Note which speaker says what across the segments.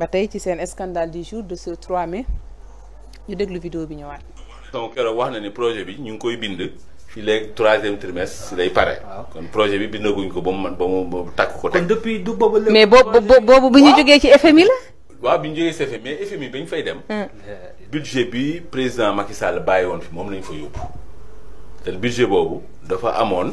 Speaker 1: ba tey ci seen scandale du jour de ce 3 mai ñu déglu vidéo bi ñëwaat.
Speaker 2: donc keroog wax na ni projet bi ñu ngi koy bind fii léegi troisième trimestre si lay pare. kon projet bi bindaguñ ko ba mu man ba mu takk ko. teg depuis
Speaker 1: du boobu mais boobu boobu bi ñu jógee ci FMI la.
Speaker 2: waaw bi ñu jógee ci FMI mais FMI bañ fay dem. Hmm. budget bi président Macky Sall bàyyi woon fi mom lañ fa yóbbu. te budget boobu dafa amoon.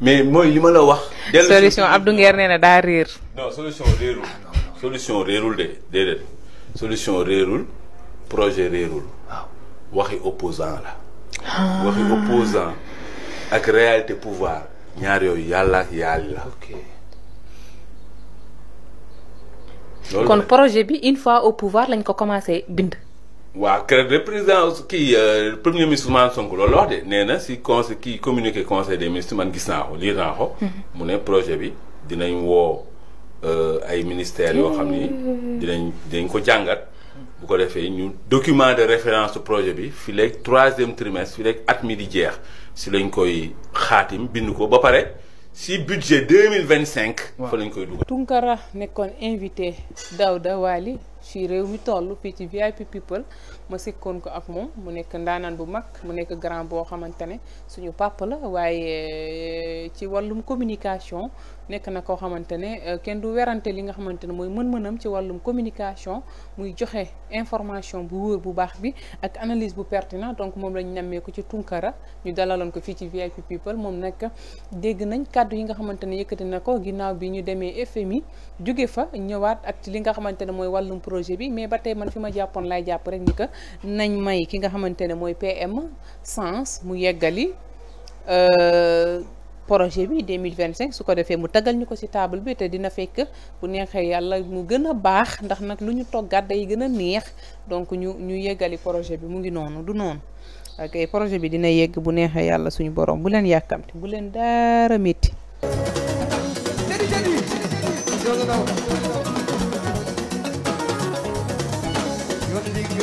Speaker 2: mais moi je la solution
Speaker 1: Abdou Nguer néna da rire.
Speaker 2: non solution reroul, solution réerul de solution reroul, projet reroul. waxi opposant la. waxi opposant ak réalité pouvoir ñaar yoy yalla. ak ok kon
Speaker 1: projet bi une fois au pouvoir lañ ko commencé bind
Speaker 2: wa keroog le président kii euh, premier ministre Ousmane Sonko loolu wax de nee si conseil qui communiqué conseil des ministres man gis naa ko lire naa ko. Mhm. mu ne projet bi dinañ euh, ay ministère yo xamni ni mmh. dinañ dinañ ko jangat bu ko defee ñu document de référence projet bi fii 3 troisième trimestre fii léegi at midi jeex si lañ koy khatim bind ko ba paré si budget 2025 mille fa lañ koy dugal.
Speaker 1: Tunkara nekkoon invité Daouda Wali. ci réew mi toll fii ci VIP people ma sekkoon ko ak moom mu nekk ndaanaan bu mag mu nekk grand boo xamante suñu pàpp la waaye eh, ci wàllum communication nekk na koo xamante ne eh, kenn du werante li nga xamante ne mooy mën-mënam ci wàllum communication muy joxe information bu wóor bu baax bi ak analyse bu pertinent donc moom lañ nammee ko ci Tunkara ñu dalaloon ko fii ci VIP people moom nag dégg nañ kàddu yi nga xamante yëkkati na ko ginnaaw bi ñu demee FMI jóge fa ñëwaat ak ci li nga xamante mooy wàllum projet bi mais ba tey man fi ma jàppoon lay jàpp rek ni que nañ may ki nga xamante ne mooy PM sens mu yeggali euh, projet bi 2025 su ko defee mu tagal ñu ko ci table bi te dina fekk bu neexee yàlla mu gën a baax ndax nag lu ñu toggaat day gën a neex donc ñu ñu yeggali projet bi mu ngi noonu du noonu ok projet bi dina yegg bu neexee yàlla suñu borom bu leen yàkkamti bu leen dara métti.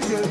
Speaker 2: with you.